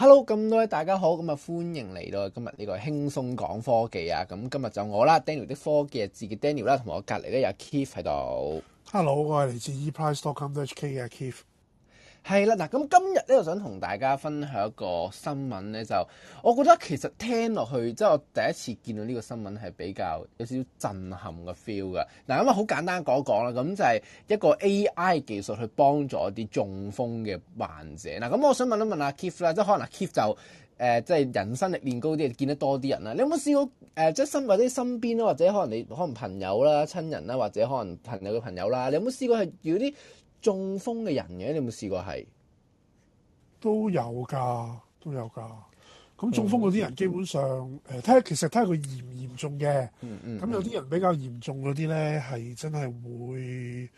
Hello，咁多位大家好，咁啊歡迎嚟到今日呢個輕鬆講科技啊，咁今日就我啦，Daniel 的科技自己 Daniel 啦，同我隔籬咧有 Keith 喺度。Hello，我係嚟自 eprice.com.hk 嘅 Keith。係啦，嗱咁、嗯、今日咧，就想同大家分享一個新聞咧，就我覺得其實聽落去，即、就、係、是、我第一次見到呢個新聞係比較有少少震撼嘅 feel 嘅。嗱咁啊，好簡單講一講啦，咁、嗯、就係、是、一個 AI 技術去幫助一啲中風嘅患者。嗱、嗯、咁、嗯，我想問一問阿、啊、Keith 啦，即係可能阿 Keith 就誒，即係人生歷練高啲，見得多啲人啦。你有冇試過誒、呃，即係身或者身邊或者可能你可能朋友啦、親人啦，或者可能朋友嘅朋友啦，你有冇試過係用啲？中風嘅人嘅，你有冇試過係？都有㗎，都有㗎。咁中風嗰啲人基本上，誒睇下其實睇下佢嚴唔嚴重嘅、嗯。嗯嗯。咁有啲人比較嚴重嗰啲咧，係真係會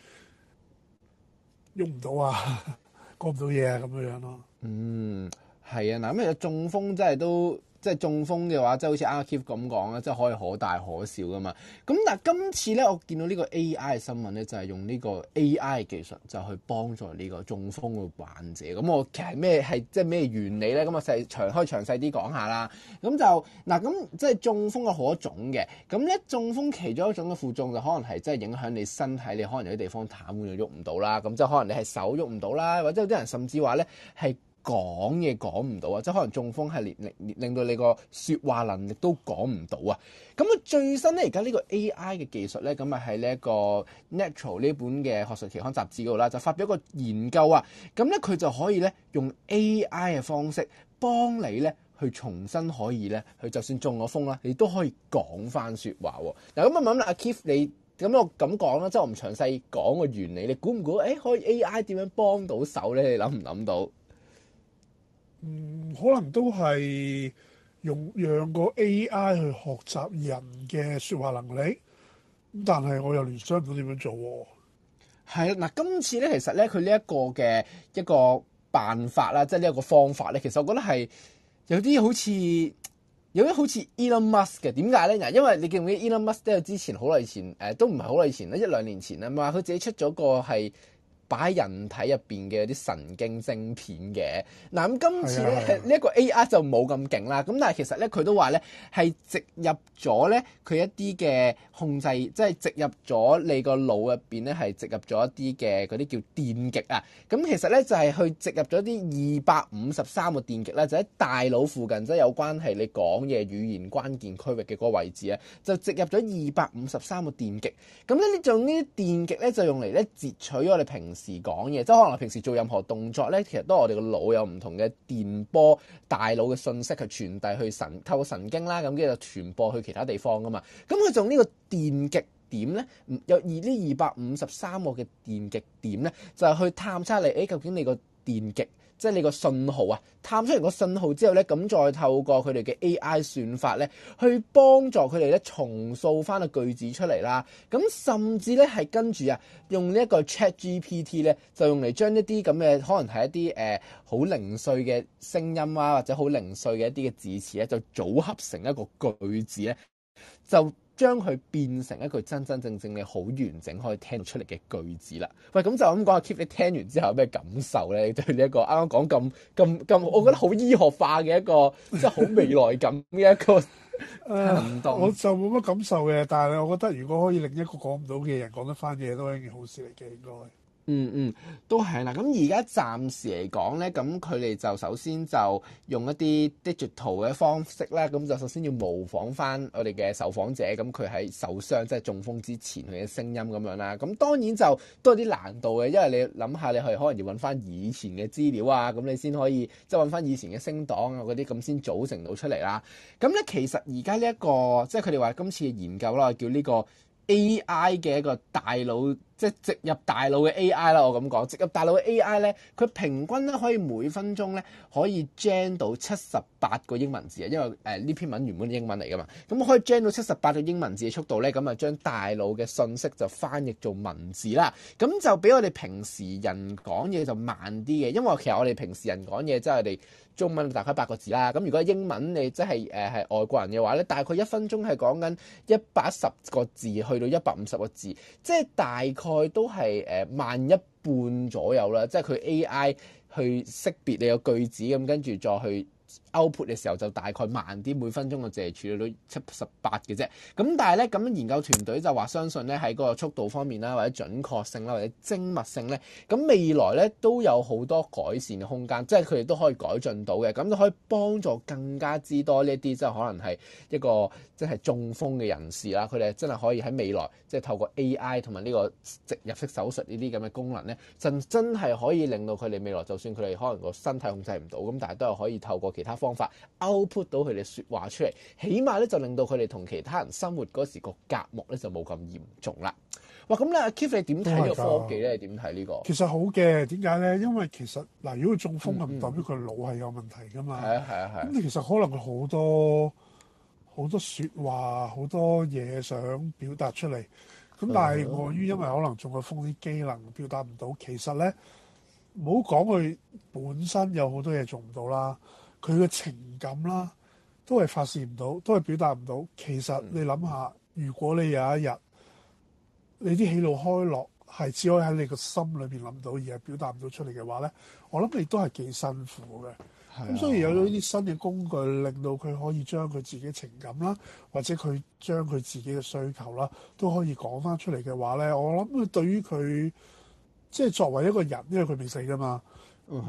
喐唔到啊，過唔到嘢啊咁樣樣咯。嗯，係啊，嗱咁啊，中風真係都～即係中風嘅話，即係好似阿 Kip 咁講啦，即係可以可大可小㗎嘛。咁嗱，今次咧，我見到呢個 AI 新聞咧，就係、是、用呢個 AI 技術就去幫助呢個中風嘅患者。咁我其實咩係即係咩原理咧？咁我詳可以詳細啲講下啦。咁就嗱，咁即係中風嘅好多種嘅。咁咧中風其中一種嘅附中就可能係即係影響你身體，你可能有啲地方癱瘓咗喐唔到啦。咁即係可能你係手喐唔到啦，或者有啲人甚至話咧係。講嘢講唔到啊！即係可能中風係連令令到你個説話能力都講唔到啊！咁啊，最新咧而家呢個 A.I. 嘅技術咧，咁啊喺呢一個 Natural 呢本嘅學術期刊雜誌嗰度啦，就發表一個研究啊。咁咧佢就可以咧用 A.I. 嘅方式幫你咧去重新可以咧，佢就算中咗風啦，你都可以講翻説話嗱。咁啊問啦，阿、啊、Keith 你咁我咁講啦，即係我唔詳細講個原理，你估唔估？誒、欸、可以 A.I. 點樣幫到手咧？你諗唔諗到？嗯，可能都係用讓個 AI 去學習人嘅說話能力，但係我又聯想唔到點樣做。哦，係啦，嗱，今次咧，其實咧，佢呢一個嘅一個辦法啦，即係呢一個方法咧，其實我覺得係有啲好似有啲好似 Elon Musk 嘅。點解咧？嗱，因為你記唔記得 Elon Musk 都係之前好耐以前，誒、呃，都唔係好耐以前咧，一兩年前吖嘛，佢自己出咗個係。擺喺人體入邊嘅啲神經晶片嘅。嗱咁今次咧呢一，哎、呀個 AI 就冇咁勁啦，咁但係其實咧，佢都話咧係植入咗咧佢一啲嘅控制，即、就、係、是、植入咗你個腦入邊咧，係植入咗一啲嘅嗰啲叫電極啊。咁其實咧就係、是、去植入咗啲二百五十三個電極啦，就喺、是、大腦附近即係、就是、有關係你講嘢語言關鍵區域嘅嗰個位置啊，就植入咗二百五十三個電極，咁咧呢種呢啲電極咧就用嚟咧截取我哋平時講嘢，即係可能我平時做任何動作呢，其實都係我哋個腦有唔同嘅電波，大腦嘅訊息去傳遞去神透過神經啦，咁跟住就傳播去其他地方㗎嘛。咁佢仲呢個電極點呢，有而呢二百五十三個嘅電極點呢，就係、是、去探測你，誒究竟你個。電極，即係你個信號啊！探出嚟個信號之後呢，咁再透過佢哋嘅 AI 算法呢，去幫助佢哋呢重塑翻個句子出嚟啦。咁甚至呢，係跟住啊，用呢一個 ChatGPT 呢，就用嚟將一啲咁嘅可能係一啲誒好零碎嘅聲音啊，或者好零碎嘅一啲嘅字詞呢，就組合成一個句子呢。就將佢變成一句真真正正嘅好完整可以聽到出嚟嘅句子啦。喂，咁就咁講，Keep 你聽完之後有咩感受咧？即係呢一個啱啱講咁咁咁，我覺得好醫學化嘅一個， 即係好未來感嘅一個行動。Uh, 我就冇乜感受嘅，但係我覺得如果可以令一個講唔到嘅人講得返嘢，都係一件好事嚟嘅，應該，應該。應該。嗯嗯，都係啦。咁而家暫時嚟講咧，咁佢哋就首先就用一啲 digital 嘅方式啦。咁就首先要模仿翻我哋嘅受訪者，咁佢喺受傷即係中風之前佢嘅聲音咁樣啦。咁當然就都有啲難度嘅，因為你諗下，你去可能要揾翻以前嘅資料啊，咁你先可以即係揾翻以前嘅聲檔啊嗰啲咁先組成到出嚟啦。咁咧其實而家呢一個即係佢哋話今次嘅研究啦，叫呢個 AI 嘅一個大腦。即係植入大腦嘅 AI 啦，我咁講，植入大腦嘅 AI 呢，佢平均呢可以每分鐘呢可以 gen 到七十八個英文字啊，因為誒呢、呃、篇文原本英文嚟㗎嘛，咁可以 gen 到七十八個英文字嘅速度呢，咁啊將大腦嘅信息就翻譯做文字啦，咁就比我哋平時人講嘢就慢啲嘅，因為其實我哋平時人講嘢即係我哋中文大概八個字啦，咁如果英文你即係誒係外國人嘅話咧，大概一分鐘係講緊一百十個字去到一百五十個字，即係大概。都係誒慢一半左右啦，即係佢 AI 去識別你個句子咁，跟住再去。output 嘅時候就大概慢啲，每分鐘嘅淨處理到七十八嘅啫。咁但係咧，咁研究團隊就話相信咧喺個速度方面啦，或者準確性啦，或者精密性咧，咁未來咧都有好多改善嘅空間，即係佢哋都可以改進到嘅，咁都可以幫助更加之多呢一啲即係可能係一個即係中風嘅人士啦，佢哋真係可以喺未來即係透過 AI 同埋呢個植入式手術呢啲咁嘅功能咧，真真係可以令到佢哋未來就算佢哋可能個身體控制唔到，咁但係都係可以透過其他。方法 output 到佢哋説話出嚟，起碼咧就令到佢哋同其他人生活嗰時個隔膜咧就冇咁嚴重啦。哇！咁咧，阿 Kif，你點睇呢個科技咧？的你點睇呢個？其實好嘅，點解咧？因為其實嗱，如果佢中風，唔、嗯嗯、代表佢腦係有問題噶嘛。係啊，係啊，係。咁你其實可能佢好多好多説話，好多嘢想表達出嚟，咁的但係礙於因為可能中咗風啲機能表達唔到，嗯嗯其實咧唔好講佢本身有好多嘢做唔到啦。佢嘅情感啦，都係發泄唔到，都係表達唔到。其實你諗下，嗯、如果你有一日你啲喜怒哀樂係只可以喺你個心裏邊諗到，而係表達唔到出嚟嘅話咧，我諗你都係幾辛苦嘅。咁、啊、所以有咗呢啲新嘅工具，令到佢可以將佢自己嘅情感啦，或者佢將佢自己嘅需求啦，都可以講翻出嚟嘅話咧，我諗佢對於佢即係作為一個人，因為佢未死㗎嘛。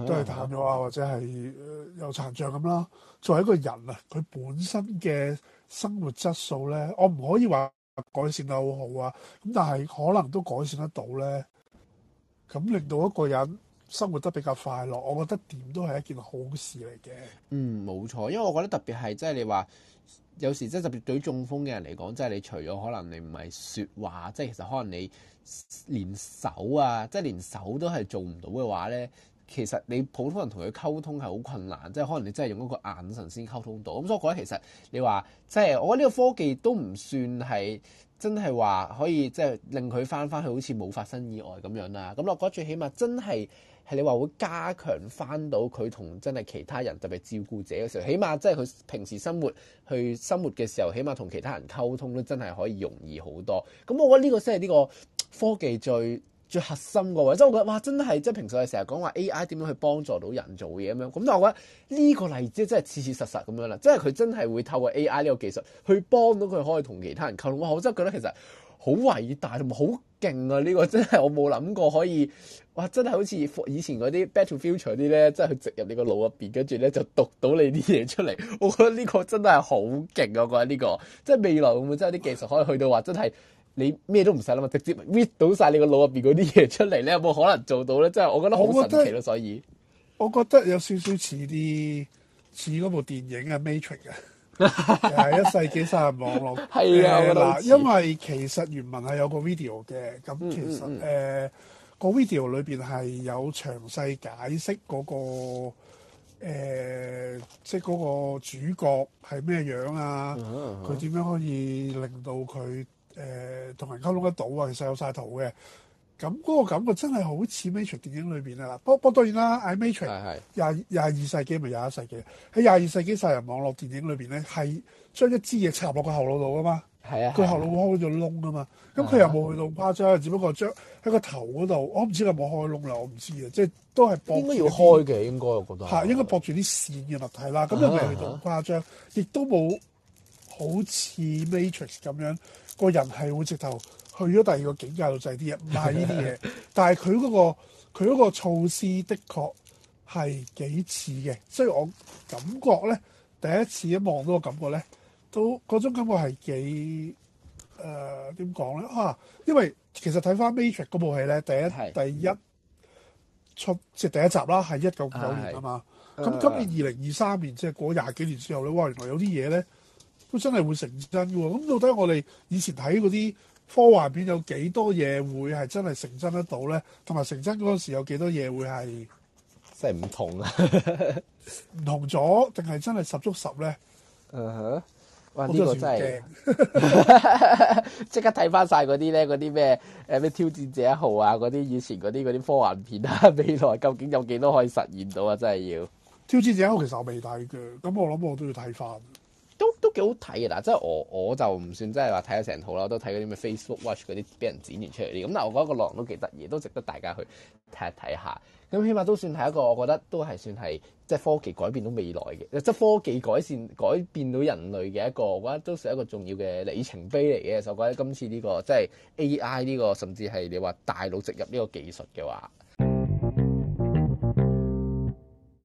都係淡咗啊，或者係有殘障咁啦。作為一個人啊，佢本身嘅生活質素咧，我唔可以話改善得好好啊。咁但係可能都改善得到咧，咁令到一個人生活得比較快樂，我覺得點都係一件好事嚟嘅。嗯，冇錯，因為我覺得特別係即係你話有時即係特別對中風嘅人嚟講，即係你除咗可能你唔係説話，即係其實可能你連手啊，即係連手都係做唔到嘅話咧。其實你普通人同佢溝通係好困難，即係可能你真係用一個眼神先溝通到。咁所以我覺得其實你話即係我覺得呢個科技都唔算係真係話可以即係令佢返返去好似冇發生意外咁樣啦。咁我覺得最起碼真係係你話會加強返到佢同真係其他人特別照顧者嘅時候，起碼即係佢平時生活去生活嘅時候，起碼同其他人溝通都真係可以容易好多。咁我覺得呢個先係呢個科技最最核心個位，即係我覺得哇，真係即係平時我哋成日講話 AI 點樣去幫助到人做嘢咁樣，咁但係我覺得呢個例子真係切切實實咁樣啦，即係佢真係會透過 AI 呢個技術去幫到佢可以同其他人溝通。我真係覺得其實好偉大同埋好勁啊！呢個真係我冇諗過可以，哇！真係好似以前嗰啲 Battlefield 啲咧，即係植入你個腦入邊，跟住咧就讀到你啲嘢出嚟。我覺得呢個真係好勁啊！我覺得呢個即係未來會唔會真係啲技術可以去到話真係？你咩都唔使諗嘛，直接 read 到晒你個腦入邊嗰啲嘢出嚟咧，你有冇可能做到咧？即係我覺得好神奇咯。所以，我覺得有少少似啲似嗰部電影啊，《Matrix》啊，係 一《世紀殺人網絡》 的。係啊、呃，嗱，因為其實原文係有個 video 嘅，咁其實誒、嗯嗯嗯呃那個 video 裏邊係有詳細解釋嗰、那個誒、呃，即嗰個主角係咩樣啊？佢點、嗯嗯嗯、樣可以令到佢？誒同人溝通得到啊，其實有晒圖嘅。咁嗰個感覺真係好似 Matrix 電影裏邊啊！嗱，我我當然啦，喺 Matrix 又係又廿二世紀，咪廿一世紀喺廿二世紀殺人網絡電影裏邊咧，係將一支嘢插落個頭腦度㗎嘛。係啊 awake.，佢頭腦開咗窿啊嘛。咁佢又冇去到誇張，只不過將喺個頭嗰度，我唔知佢有冇開窿啦，我唔知啊。即係都係應該要開嘅，應該我覺得。係應該搏住啲線嘅物體啦。咁又未去到誇張，亦 Away. 都冇好似 Matrix 咁樣。個人係會直頭去咗第二個境界度，就係啲嘢唔係呢啲嘢，但係佢嗰個佢嗰個措施，的確係幾似嘅。所以我感覺咧，第一次一望到個感覺咧，都嗰種感覺係幾誒點講咧啊！因為其實睇翻 Matrix 嗰部戲咧，第一是第一出即係第一集啦，係一九九年啊嘛。咁是吧今年二零二三年，即係過廿幾年之後咧，哇！原來有啲嘢咧～都真係會成真嘅喎！咁到底我哋以前睇嗰啲科幻片有幾多嘢會係真係成真得到咧？同埋成真嗰陣時有幾多嘢會係真係唔同啊？唔 同咗定係真係十足十咧？嗯哼、uh，huh. 哇！呢個真係即 刻睇翻晒嗰啲咧，啲咩誒咩挑戰者一號啊，嗰啲以前嗰啲啲科幻片啊，未來究竟有幾多可以實現到啊？真係要挑戰者一號，其實我未睇嘅，咁我諗我都要睇翻。都都幾好睇嘅嗱，即係我我就唔算真係話睇咗成套啦，都睇嗰啲咩 Facebook Watch 嗰啲俾人剪完出嚟啲咁。但係我覺得個狼都幾得意，都值得大家去睇睇下。咁起碼都算係一個，我覺得都係算係即係科技改變到未來嘅，即係科技改善改變到人類嘅一個。我覺得都是一個重要嘅里程碑嚟嘅。就覺得今次呢個即係 AI 呢個，甚至係你話大腦植入呢個技術嘅話。